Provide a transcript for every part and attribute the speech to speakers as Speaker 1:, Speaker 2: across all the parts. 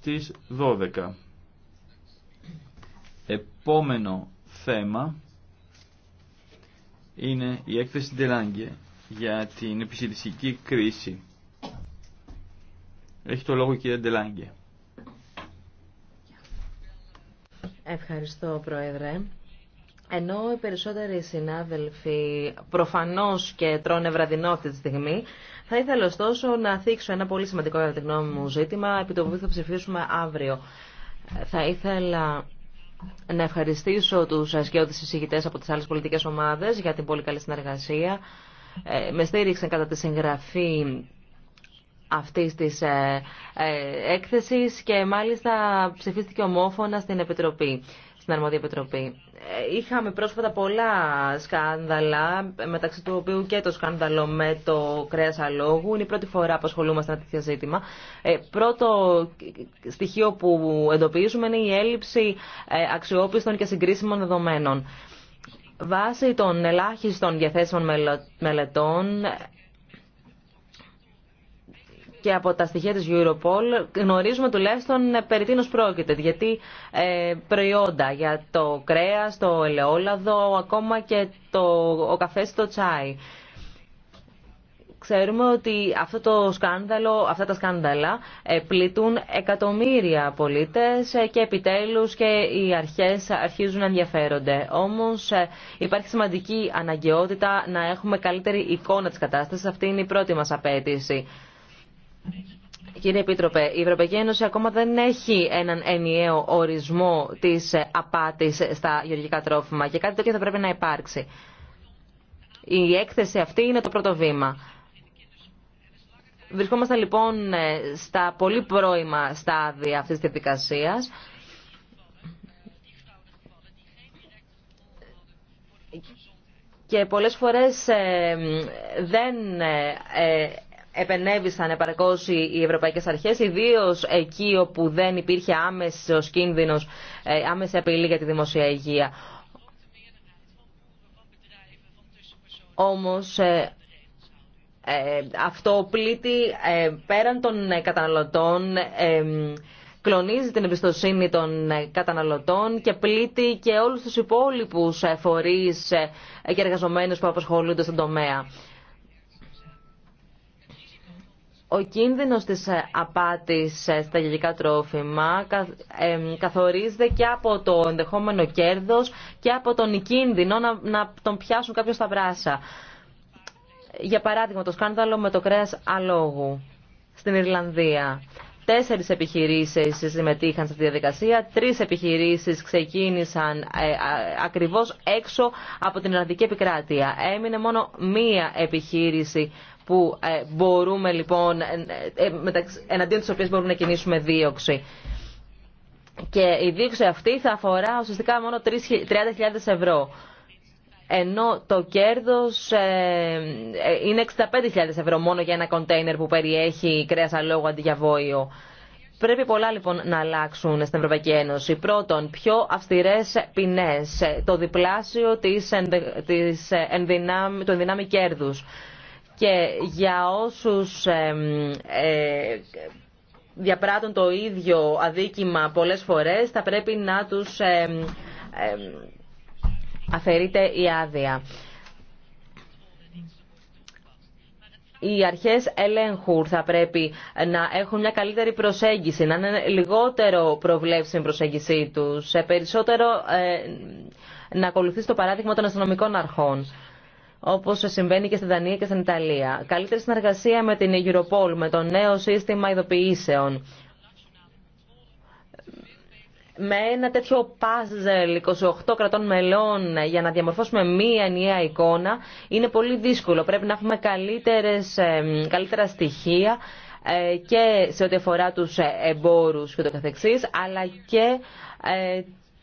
Speaker 1: στις 12. Επόμενο θέμα είναι η έκθεση Ντελάνγκε για την επισητιστική κρίση. Έχει το λόγο η κυρία Ντελάνγκε.
Speaker 2: Ευχαριστώ, Πρόεδρε. Ενώ οι περισσότεροι συνάδελφοι προφανώς και τρώνε βραδινό αυτή τη στιγμή, θα ήθελα ωστόσο να θίξω ένα πολύ σημαντικό για τη γνώμη μου ζήτημα, επί το οποίο θα ψηφίσουμε αύριο. Θα ήθελα να ευχαριστήσω τους ασκαιώτες συζητητέ από τις άλλες πολιτικές ομάδες για την πολύ καλή συνεργασία. Ε, με στήριξαν κατά τη συγγραφή αυτή τη ε, ε, έκθεση και μάλιστα ψηφίστηκε ομόφωνα στην Επιτροπή στην Αρμόδια ε, Είχαμε πρόσφατα πολλά σκάνδαλα, μεταξύ του οποίου και το σκάνδαλο με το κρέας αλόγου. Είναι η πρώτη φορά που ασχολούμαστε με τέτοιο ζήτημα. Ε, πρώτο στοιχείο που εντοπίζουμε είναι η έλλειψη ε, αξιόπιστων και συγκρίσιμων δεδομένων. Βάσει των ελάχιστων διαθέσιμων μελετών, και από τα στοιχεία της Europol γνωρίζουμε τουλάχιστον ε, περί τίνος πρόκειται. Γιατί ε, προϊόντα για το κρέας, το ελαιόλαδο, ακόμα και το, ο καφές στο τσάι. Ξέρουμε ότι αυτό το σκάνδαλο, αυτά τα σκάνδαλα ε, πλήττουν εκατομμύρια πολίτες και επιτέλους και οι αρχές αρχίζουν να ενδιαφέρονται. Όμως υπάρχει σημαντική αναγκαιότητα να έχουμε καλύτερη εικόνα της κατάστασης. Αυτή είναι η πρώτη μας απέτηση. Κύριε Επίτροπε, η Ευρωπαϊκή Ένωση ακόμα δεν έχει έναν ενιαίο ορισμό της απάτης στα γεωργικά τρόφιμα και κάτι τέτοιο θα πρέπει να υπάρξει. Η έκθεση αυτή είναι το πρώτο βήμα. Βρισκόμαστε λοιπόν στα πολύ πρώιμα στάδια αυτής της διαδικασία. Και πολλές φορές ε, δεν ε, επενέβησαν επαρκώς οι ευρωπαϊκές αρχές, ιδίως εκεί όπου δεν υπήρχε άμεσος κίνδυνος, ε, άμεση απειλή για τη δημοσία υγεία. Όμως ε, ε, αυτό πλήττει πέραν των καταναλωτών, κλονίζει την εμπιστοσύνη των καταναλωτών και πλήττει και όλους τους υπόλοιπους φορείς και εργαζομένους που απασχολούνται στον τομέα. Ο κίνδυνος της ε, απάτης ε, στα γελικά τρόφιμα καθορίζεται και από το ενδεχόμενο κέρδος και από τον κίνδυνο να τον πιάσουν κάποιο στα βράσα. Για παράδειγμα, το σκάνδαλο με το κρέας αλόγου στην Ιρλανδία. Τέσσερις επιχειρήσεις συμμετείχαν σε αυτή τη διαδικασία. Τρεις επιχειρήσεις ξεκίνησαν ε, ακριβώς έξω από την Ιρλανδική επικράτεια. Έμεινε μόνο μία επιχείρηση που ε, μπορούμε λοιπόν, ε, ε, εναντίον της οποίας μπορούμε να κινήσουμε δίωξη. Και η δίωξη αυτή θα αφορά ουσιαστικά μόνο 30.000 ευρώ ενώ το κέρδος είναι 65.000 ευρώ μόνο για ένα κοντέινερ που περιέχει κρέας αλόγου αντί για βόλιο. Πρέπει πολλά λοιπόν να αλλάξουν στην Ευρωπαϊκή Ένωση. Πρώτον, πιο αυστηρέ ποινέ. το διπλάσιο της, του ενδυνάμει κέρδου και για όσους ε, διαπράττουν το ίδιο αδίκημα πολλές φορές θα πρέπει να τους αφαιρείται η άδεια. οι αρχές ελέγχου θα πρέπει να έχουν μια καλύτερη προσέγγιση, να είναι λιγότερο προβλέψιμη προσέγγιση τους, περισσότερο ε, να ακολουθεί το παράδειγμα των αστυνομικών αρχών όπως συμβαίνει και στη Δανία και στην Ιταλία. Καλύτερη συνεργασία με την Europol, με το νέο σύστημα ειδοποιήσεων. Με ένα τέτοιο παζλ 28 κρατών μελών για να διαμορφώσουμε μία ενιαία εικόνα είναι πολύ δύσκολο. Πρέπει να έχουμε καλύτερες, καλύτερα στοιχεία ε, και σε ό,τι αφορά τους εμπόρους και το καθεξής, αλλά και ε,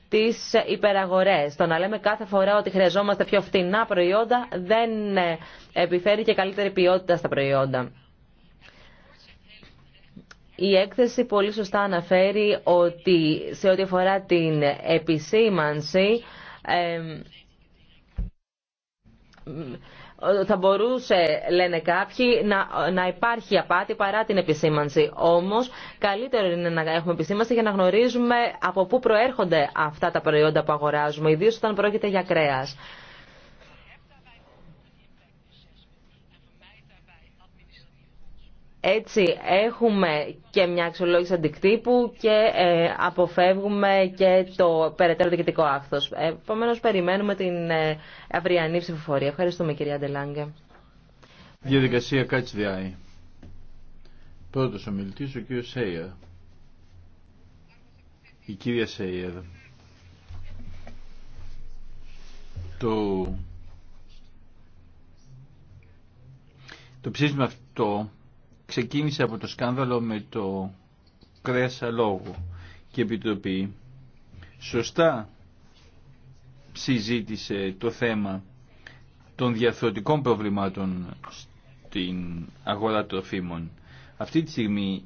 Speaker 2: τι υπεραγορέ. Το να λέμε κάθε φορά ότι χρειαζόμαστε πιο φτηνά προϊόντα δεν επιφέρει και καλύτερη ποιότητα στα προϊόντα. Η έκθεση πολύ σωστά αναφέρει ότι σε ό,τι αφορά την επισήμανση θα μπορούσε, λένε κάποιοι, να, να υπάρχει απάτη παρά την επισήμανση. Όμως, καλύτερο είναι να έχουμε επισήμανση για να γνωρίζουμε από πού προέρχονται αυτά τα προϊόντα που αγοράζουμε, ιδίως αγοραζουμε ιδιω πρόκειται για κρέας. Έτσι έχουμε και μια αξιολόγηση αντικτύπου και ε, αποφεύγουμε και το περαιτέρω διοικητικό άκθος. Επομένω, περιμένουμε την ε, αυριανή ψηφοφορία. Ευχαριστούμε κυρία Αντελάγκε.
Speaker 1: Διαδικασία Κάτσδιάη. Πρώτος μιλητής, ο κύριος Σέιερ. Η κυρία Σέιερ. Το... Το ψήσιμο αυτό ξεκίνησε από το σκάνδαλο με το κρέας αλόγου και Επιτροπή σωστά συζήτησε το θέμα των διαθροτικών προβλημάτων στην αγορά τροφίμων. Αυτή τη στιγμή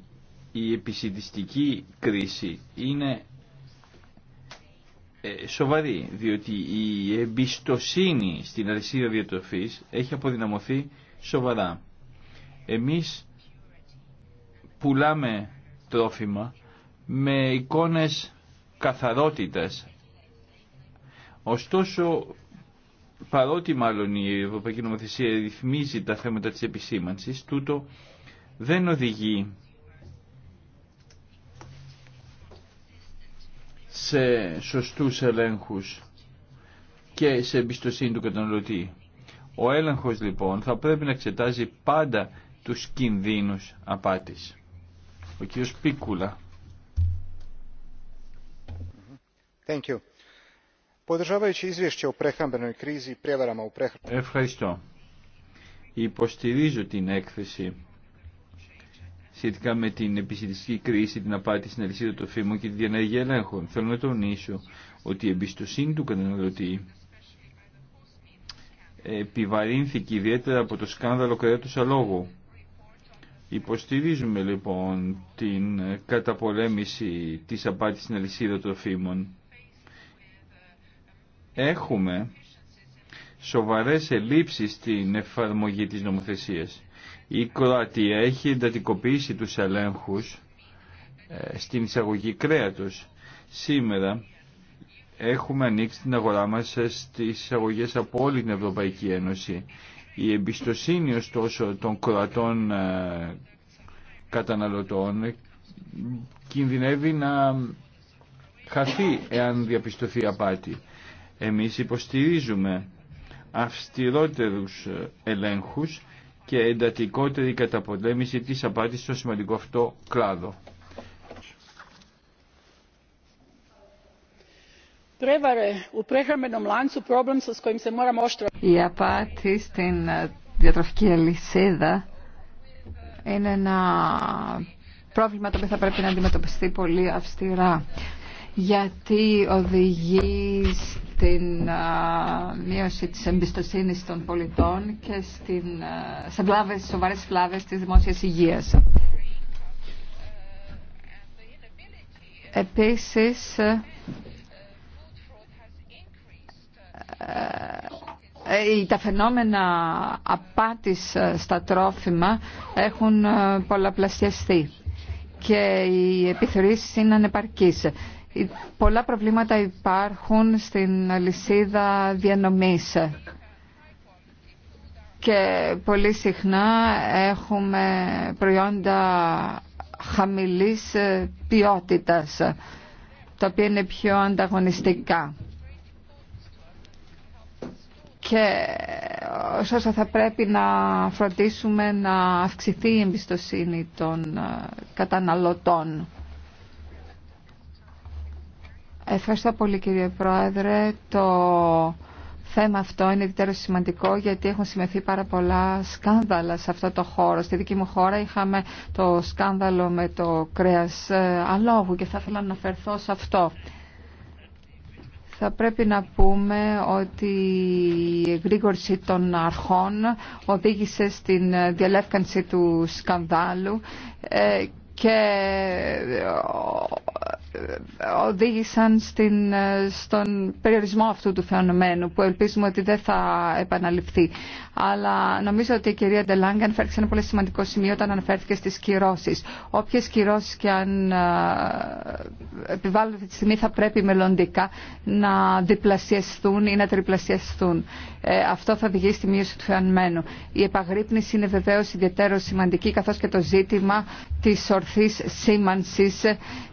Speaker 1: η επισητιστική κρίση είναι ε, σοβαρή, διότι η εμπιστοσύνη στην αλυσίδα διατροφής έχει αποδυναμωθεί σοβαρά. Εμείς πουλάμε τρόφιμα με εικόνες καθαρότητας. Ωστόσο, παρότι μάλλον η Ευρωπαϊκή Νομοθεσία ρυθμίζει τα θέματα της επισήμανσης, τούτο δεν οδηγεί σε σωστούς ελέγχους και σε εμπιστοσύνη του καταναλωτή. Ο έλεγχος λοιπόν θα πρέπει να εξετάζει πάντα τους κινδύνους απάτης. Ο κύριος Πίκουλα. Ευχαριστώ. Υποστηρίζω την έκθεση σχετικά με την επιστημιστική κρίση, την απάτηση στην αλυσίδα των φήμων και τη διενέργεια ελέγχων. Θέλω να τονίσω ότι η εμπιστοσύνη του καταναλωτή επιβαρύνθηκε ιδιαίτερα από το σκάνδαλο κρέατος αλόγου Υποστηρίζουμε λοιπόν την καταπολέμηση της απάτης στην αλυσίδα τροφίμων. Έχουμε σοβαρές ελλείψεις στην εφαρμογή της νομοθεσίας. Η Κροατία έχει εντατικοποιήσει τους ελέγχους ε, στην εισαγωγή κρέατος. Σήμερα έχουμε ανοίξει την αγορά μας ε, στις εισαγωγές από όλη την Ευρωπαϊκή Ένωση. Η εμπιστοσύνη ωστόσο των κρατών ε, καταναλωτών κινδυνεύει να χαθεί εάν διαπιστωθεί απάτη. Εμείς υποστηρίζουμε αυστηρότερους ε, ελέγχους και εντατικότερη καταπολέμηση της απάτης στο σημαντικό αυτό κλάδο.
Speaker 3: prevare u prehrambenom lancu problem s kojim se moramo oštro Η απάτη στην ε, διατροφική αλυσίδα είναι ένα πρόβλημα το οποίο θα πρέπει να αντιμετωπιστεί πολύ αυστηρά γιατί οδηγεί στην ε, μείωση της εμπιστοσύνης των πολιτών και στην, ε, σε βλάβες, σοβαρές βλάβες της δημόσιας υγείας. Επίσης, Ε, ε, τα φαινόμενα απάτης ε, στα τρόφιμα έχουν πολλαπλασιαστεί και οι επιθεωρήσεις είναι ανεπαρκείς. Πολλά προβλήματα υπάρχουν στην αλυσίδα διανομής και πολύ συχνά έχουμε προϊόντα χαμηλής ποιότητας, τα οποία είναι πιο ανταγωνιστικά και ε, όσο θα πρέπει να φροντίσουμε να αυξηθεί η εμπιστοσύνη των ε, καταναλωτών. Ευχαριστώ πολύ κύριε Πρόεδρε. Το θέμα αυτό είναι ιδιαίτερα σημαντικό γιατί έχουν σημειωθεί πάρα πολλά σκάνδαλα σε αυτό το χώρο. Στη δική μου χώρα είχαμε το σκάνδαλο με το κρέας ε, αλόγου και θα ήθελα να αναφερθώ σε αυτό θα πρέπει να πούμε ότι η εγρήγορση των αρχών οδήγησε στην διαλεύκανση του σκανδάλου ε, και οδήγησαν ε, στον περιορισμό αυτού του φαινομένου που ελπίζουμε ότι δεν θα επαναληφθεί. Αλλά νομίζω ότι η κυρία Ντελάγκ ανφέρθηκε ένα πολύ σημαντικό σημείο όταν αναφέρθηκε στις κυρώσεις. Όποιες κυρώσεις και αν ε, επιβάλλονται αυτή τη στιγμή θα πρέπει μελλοντικά να διπλασιαστούν ή να τριπλασιαστούν. Ε, αυτό θα οδηγήσει στη μείωση του φαινομένου. Η επαγρύπνηση είναι βεβαίως ιδιαίτερο σημαντική καθώς και το ζήτημα της ορθής σήμανσης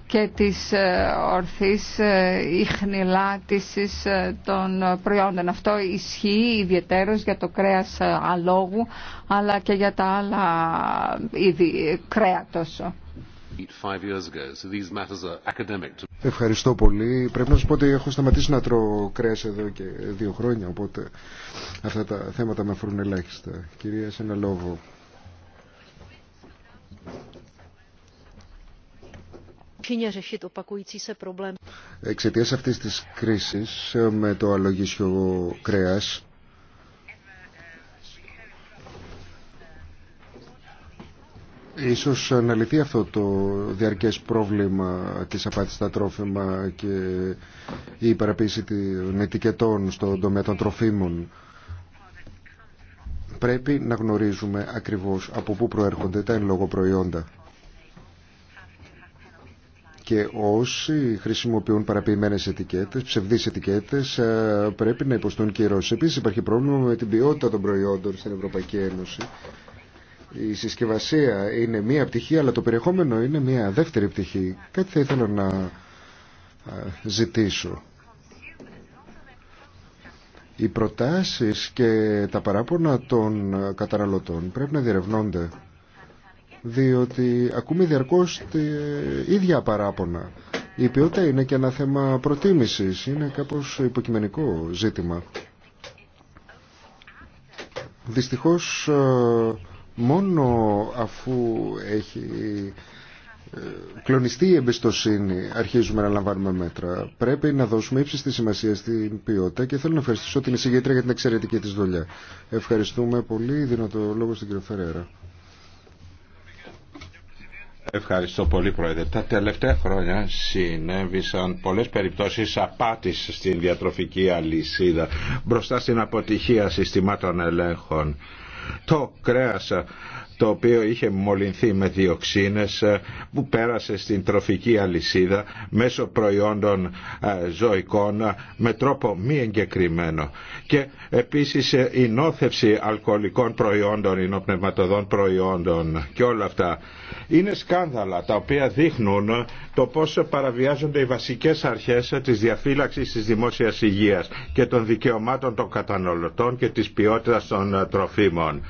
Speaker 3: και της ε, ορθής ε, ιχνηλάτησης ε, των προϊόντων. Αυτό ισχύει ιδιαίτερως για το κρέας αλόγου αλλά και για τα άλλα είδη τόσο.
Speaker 4: Ευχαριστώ πολύ. Πρέπει να σα πω ότι έχω σταματήσει να τρώω κρέα εδώ και δύο χρόνια, οπότε αυτά τα θέματα με αφορούν ελάχιστα. Κυρία Σεναλόβο
Speaker 2: účinně řešit opakující se
Speaker 4: αυτή τη κρίση με το αλογίσιο κρέα, Ίσως να λυθεί αυτό το διαρκές πρόβλημα της απάτης στα τρόφιμα και η υπεραπίση των ετικετών στον τομέα των τροφίμων. Πρέπει να γνωρίζουμε ακριβώς από πού προέρχονται τα εν λόγω προϊόντα και όσοι χρησιμοποιούν παραποιημένες ετικέτες, ψευδείς ετικέτες, ε, πρέπει να υποστούν κυρώσεις. Επίσης υπάρχει πρόβλημα με την ποιότητα των προϊόντων στην Ευρωπαϊκή Ένωση. Η συσκευασία είναι μία πτυχή, αλλά το περιεχόμενο είναι μία δεύτερη πτυχή. Κάτι θα ήθελα να ε, ζητήσω. Οι προτάσεις και τα παράπονα των καταναλωτών πρέπει να διερευνώνται διότι ακούμε διαρκώς τη ίδια παράπονα. Η ποιότητα είναι και ένα θέμα προτίμησης, είναι κάπως υποκειμενικό ζήτημα. Δυστυχώς ε, μόνο αφού έχει ε, κλονιστεί η εμπιστοσύνη αρχίζουμε να λαμβάνουμε μέτρα. Πρέπει να δώσουμε ύψιστη σημασία στην ποιότητα και θέλω να ευχαριστήσω την εισηγήτρια για την εξαιρετική της δουλειά. Ευχαριστούμε πολύ. Δίνω το λόγο στην κυρία Φερέρα.
Speaker 5: Ευχαριστώ πολύ Πρόεδρε. Τα τελευταία χρόνια συνέβησαν πολλές περιπτώσεις απάτης στην διατροφική αλυσίδα μπροστά στην αποτυχία συστημάτων ελέγχων. Το κρέας το οποίο είχε μολυνθεί με διοξίνες ε, που πέρασε στην τροφική αλυσίδα μέσω προϊόντων ε, ζωικών ε, με τρόπο μη εγκεκριμένο. Και επίσης η νόθευση αλκοολικών προϊόντων, υνοπνευματοδών προϊόντων και όλα αυτά. Είναι σκάνδαλα τα οποία δείχνουν το πόσο παραβιάζονται οι βασικές αρχές της διαφύλαξης της δημόσιας υγείας και των δικαιωμάτων των καταναλωτών και της ποιότητας των τροφίμων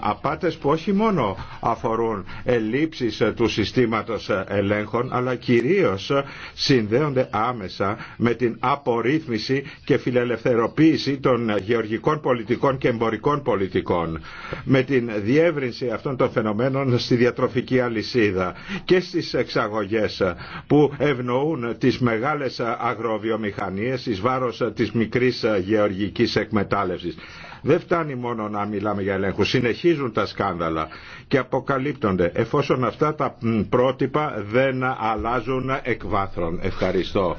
Speaker 5: απάτες που όχι μόνο αφορούν ελλείψεις ε, του συστήματος ε, ελέγχων αλλά κυρίως ε, συνδέονται άμεσα με την απορρίθμιση και φιλελευθεροποίηση των γεωργικών πολιτικών και εμπορικών πολιτικών με την διεύρυνση αυτών των φαινομένων στη διατροφική αλυσίδα και στις εξαγωγές που ευνοούν τις μεγάλες αγροβιομηχανίες εις βάρος της μικρής γεωργικής εκμετάλλευσης. Δεν φτάνει μόνο να μιλάμε για ελέγχου. Συνεχίζουν τα σκάνδαλα και αποκαλύπτονται εφόσον αυτά τα πρότυπα δεν αλλάζουν εκ βάθρων. Ευχαριστώ.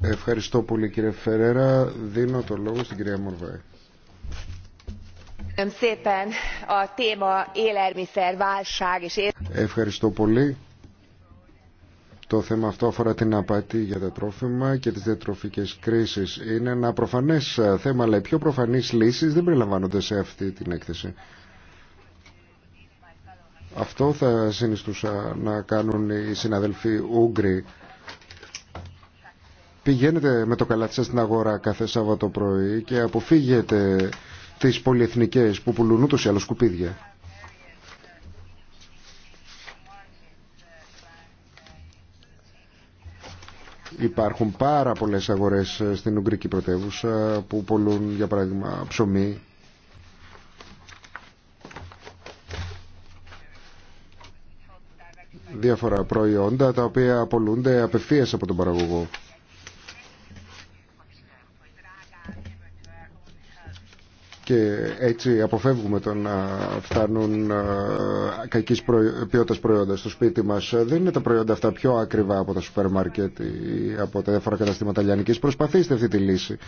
Speaker 4: Ευχαριστώ πολύ κύριε Φερέρα. Δίνω το λόγο στην κυρία Μορβάη. Ευχαριστώ πολύ. Το θέμα αυτό αφορά την απάτη για τα τρόφιμα και τις διατροφικές κρίσεις. Είναι ένα προφανές ε, θέμα, αλλά οι πιο προφανείς λύσεις δεν περιλαμβάνονται σε αυτή την έκθεση. Αυτό θα συνιστούσα να κάνουν οι συναδελφοί Ούγγροι. Πηγαίνετε με το καλάτι σας στην αγορά κάθε Σάββατο πρωί και αποφύγετε τις πολυεθνικές που πουλούν ούτως ή σκουπίδια. Υπάρχουν πάρα πολλές αγορές ε, στην Ουγγρική πρωτεύουσα που πολλούν για παράδειγμα ψωμί. Διάφορα προϊόντα τα οποία απολούνται απευθείας από τον παραγωγό. και έτσι αποφεύγουμε το να φτάνουν ε, κακή ποιότητα προϊόντα στο σπίτι μας. Ε, δεν είναι τα προϊόντα αυτά πιο ακριβά από τα σούπερ μάρκετ ή από τα διάφορα καταστήματα λιανική. Προσπαθήστε αυτή τη λύση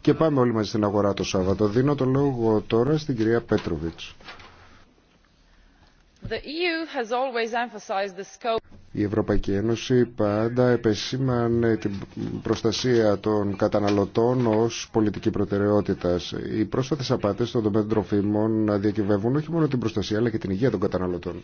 Speaker 4: και πάμε όλοι μαζί στην αγορά το Σάββατο. Δίνω το λόγο τώρα στην κυρία Πέτροβιτ.
Speaker 1: The EU has always emphasized the scope.
Speaker 4: Η Ευρωπαϊκή Ένωση πάντα επεσήμανε την προστασία των καταναλωτών ως πολιτική προτεραιότητα. Οι πρόσφατες απάτες στον τομέα των τροφίμων διακυβεύουν όχι μόνο την προστασία αλλά και την υγεία των καταναλωτών.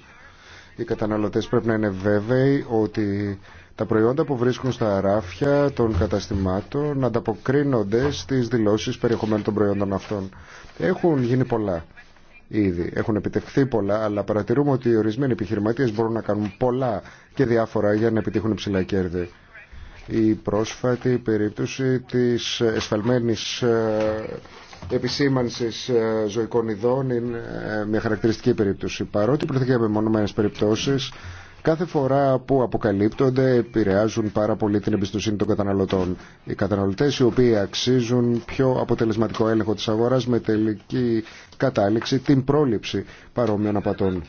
Speaker 4: Οι καταναλωτές πρέπει να είναι βέβαιοι ότι τα προϊόντα που βρίσκουν στα αράφια των καταστημάτων ανταποκρίνονται στις δηλώσεις περιεχομένου των προϊόντων αυτών. Έχουν γίνει πολλά ήδη. Έχουν επιτευχθεί πολλά, αλλά παρατηρούμε ότι οι ορισμένοι επιχειρηματίε μπορούν να κάνουν πολλά και διάφορα για να επιτύχουν υψηλά κέρδη. Η πρόσφατη περίπτωση τη εσφαλμένη ε, επισήμανση ε, ζωικών ειδών είναι ε, μια χαρακτηριστική περίπτωση. Παρότι πρόκειται για μεμονωμένε περιπτώσει, Κάθε φορά που αποκαλύπτονται επηρεάζουν πάρα πολύ την εμπιστοσύνη των καταναλωτών. Οι καταναλωτές οι οποίοι αξίζουν πιο αποτελεσματικό έλεγχο της αγοράς με τελική κατάληξη την πρόληψη παρόμοιων απατών.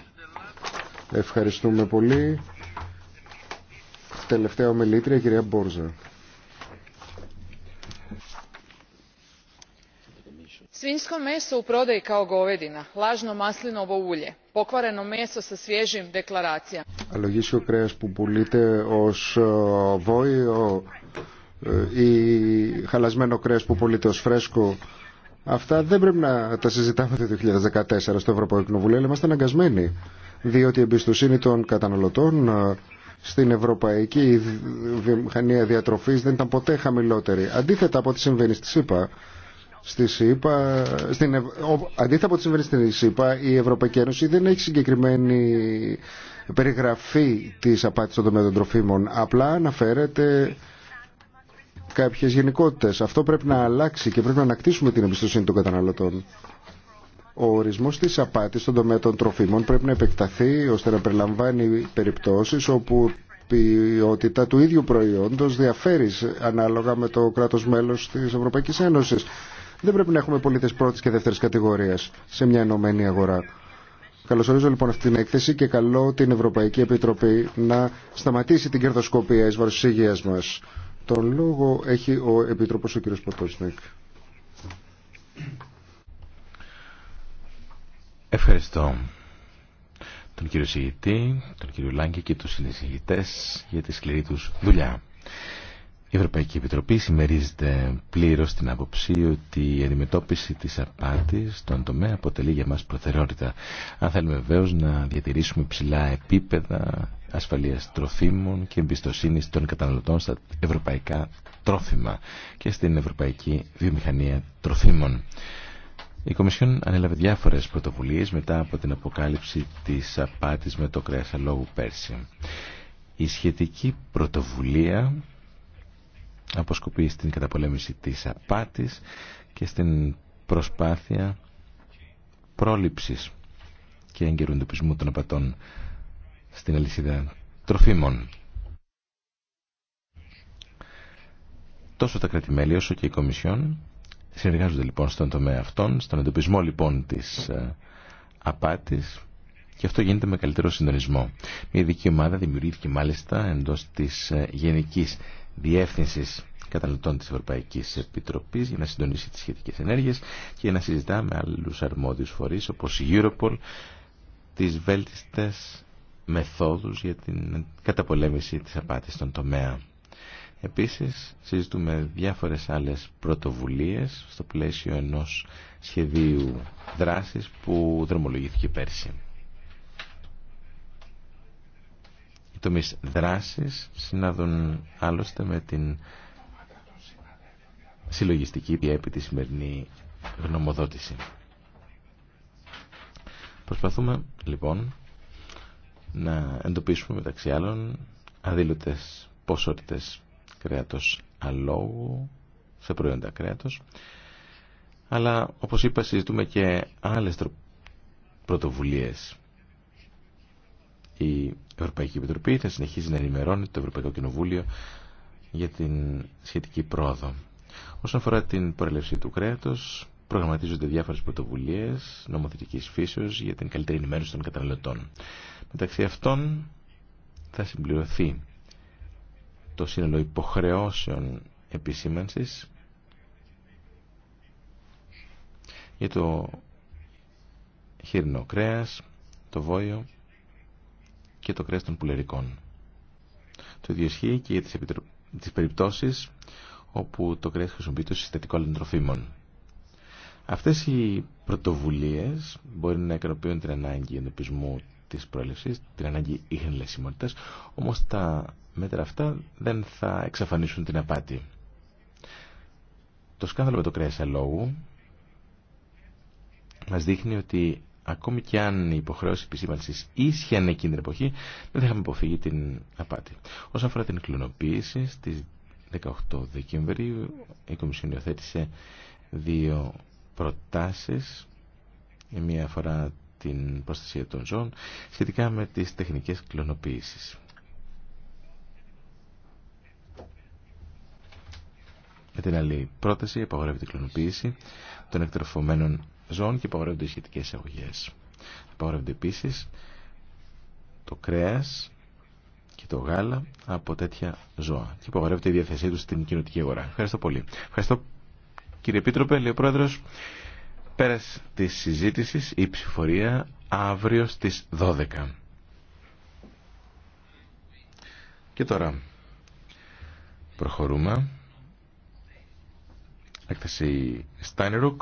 Speaker 4: Ευχαριστούμε πολύ. Τελευταία ομιλήτρια, κυρία Μπόρζα.
Speaker 3: svinjsko meso u prodaji kao govedina lano maslinovo ulje pokvareno meso sa svjeim deklaracijama
Speaker 4: κρέας που πουλείται ω βόηο ή χαλασμένο κρέας που πουλείται ω φρέσκο αυτά δεν πρέπει να τα συζητάμε το 2014 στο Ευρωπαϊκό Κοινοβούλιο είμαστε αναγκασμένοι διότι η εμπιστοσύνη των καταναλωτών στην ευρωπαϊκή βιομηχανία διατροφή δεν ήταν ποτέ χαμηλότερη αντίθετα από ό,τι συμβαίνει στη ΣΥΠΑ Στη ΣΥΠΑ, στην Ευ... Αντίθετα από ό,τι συμβαίνει στην ΣΥΠΑ, η Ευρωπαϊκή Ένωση δεν έχει συγκεκριμένη περιγραφή τη απάτη των τομέα των τροφίμων. Απλά αναφέρεται κάποιε γενικότητε. Αυτό πρέπει να αλλάξει και πρέπει να ανακτήσουμε την εμπιστοσύνη των καταναλωτών. Ο ορισμός της απάτης στον τομέα των τροφίμων πρέπει να επεκταθεί ώστε να περιλαμβάνει περιπτώσεις όπου η ποιότητα του ίδιου προϊόντος διαφέρει ανάλογα με το κράτος μέλος της Ευρωπαϊκής Ένωσης. Δεν πρέπει να έχουμε πολίτε πρώτη και δεύτερη κατηγορία σε μια ενωμένη αγορά. Καλωσορίζω λοιπόν αυτή την έκθεση και καλώ την Ευρωπαϊκή Επιτροπή να σταματήσει την κερδοσκοπία ει βάρο τη υγεία μας. Τον λόγο έχει ο επίτροπο ο κ. Ποτόσνικ.
Speaker 6: Ευχαριστώ τον κύριο Συγητή, τον κύριο Λάγκη και τους συνεισηγητές για τη σκληρή τους δουλειά. Η Ευρωπαϊκή Επιτροπή συμμερίζεται πλήρως την άποψη ότι η αντιμετώπιση της απάτης στον τομέα αποτελεί για μας προτεραιότητα. Αν θέλουμε βεβαίω να διατηρήσουμε ψηλά επίπεδα ασφαλείας τροφίμων και εμπιστοσύνης των καταναλωτών στα ευρωπαϊκά τρόφιμα και στην ευρωπαϊκή βιομηχανία τροφίμων. Η Κομισιόν ανέλαβε διάφορες πρωτοβουλίες μετά από την αποκάλυψη της απάτης με το κρέας αλόγου πέρσι. Η σχετική πρωτοβουλία αποσκοπεί στην καταπολέμηση της απάτης και στην προσπάθεια πρόληψης και έγκαιρου των απατών στην αλυσίδα τροφίμων. Τόσο τα κρατημέλη όσο και η Κομισιόν συνεργάζονται λοιπόν στον τομέα αυτών, στον εντοπισμό λοιπόν της ε, απάτης και αυτό γίνεται με καλύτερο συντονισμό. Μια ειδική ομάδα δημιουργήθηκε μάλιστα εντό τη ε, γενική διεύθυνση καταναλωτών τη Ευρωπαϊκή Επιτροπή για να συντονίσει τι σχετικέ ενέργειε και να συζητά με άλλου αρμόδιους φορείς όπως η Europol τι βέλτιστες μεθόδου για την καταπολέμηση τη απάτη στον τομέα. Επίσης, συζητούμε διάφορες άλλες πρωτοβουλίες στο πλαίσιο ενός σχεδίου δράσης που δρομολογήθηκε πέρσι. Οι τομείς δράσης συνάδουν άλλωστε με την συλλογιστική διέπει τη σημερινή γνωμοδότηση. Προσπαθούμε λοιπόν να εντοπίσουμε μεταξύ άλλων αδήλωτες πόσορτες κρέατος αλόγου σε προϊόντα κρέατος αλλά όπως είπα συζητούμε και άλλες πρωτοβουλίες η Ευρωπαϊκή Επιτροπή θα συνεχίζει να ενημερώνει το Ευρωπαϊκό Κοινοβούλιο για την σχετική πρόοδο. Όσον αφορά την προέλευση του κρέατος, προγραμματίζονται διάφορες πρωτοβουλίες νομοθετικής φύσεως για την καλύτερη ενημέρωση των καταναλωτών. Μεταξύ αυτών θα συμπληρωθεί το σύνολο υποχρεώσεων επισήμανσης για το χείρινο κρέας, το βόλιο και το κρέας των πουλερικών. Το ίδιο ισχύει και για τις, περιπτώσεις όπου το κρέας χρησιμοποιείται ως συστατικό άλλων τροφίμων. Αυτές οι πρωτοβουλίες μπορεί να ικανοποιούν την ανάγκη εντοπισμού της πρόληψης, την ανάγκη ίχνη όμως τα μέτρα αυτά δεν θα εξαφανίσουν την απάτη. Το σκάνδαλο με το κρέας αλόγου μας δείχνει ότι ακόμη και αν η υποχρέωση επισήμανση ίσχυε είναι εκείνη την εποχή, δεν θα είχαμε αποφύγει την απάτη. Όσον αφορά την κλωνοποίηση, στι 18 Δεκεμβρίου η Κομισιόν υιοθέτησε δύο προτάσει. Η μία αφορά την προστασία των ζώων σχετικά με τις τεχνικές κλωνοποίησει. Με την άλλη πρόταση απαγορεύεται η κλωνοποίηση των εκτροφωμένων ζώων και απαγορεύονται οι σχετικέ αγωγέ. Απαγορεύονται επίση το κρέα και το γάλα από τέτοια ζώα και απαγορεύεται η διαθεσή του στην κοινωτική αγορά. Ευχαριστώ πολύ. Ευχαριστώ κύριε Επίτροπε, λέει ο πρόεδρο. Πέρα τη συζήτηση, η ψηφορία αύριο στι 12. Και τώρα προχωρούμε. Έκθεση Steinruck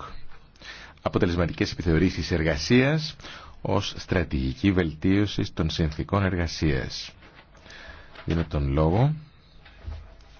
Speaker 6: αποτελεσματικές επιθεωρήσεις εργασίας ως στρατηγική βελτίωση των συνθήκων εργασίας. Δίνω τον λόγο